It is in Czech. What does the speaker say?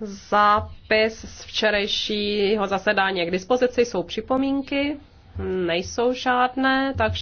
Zápis z včerejšího zasedání je k dispozici, jsou připomínky, nejsou žádné, takže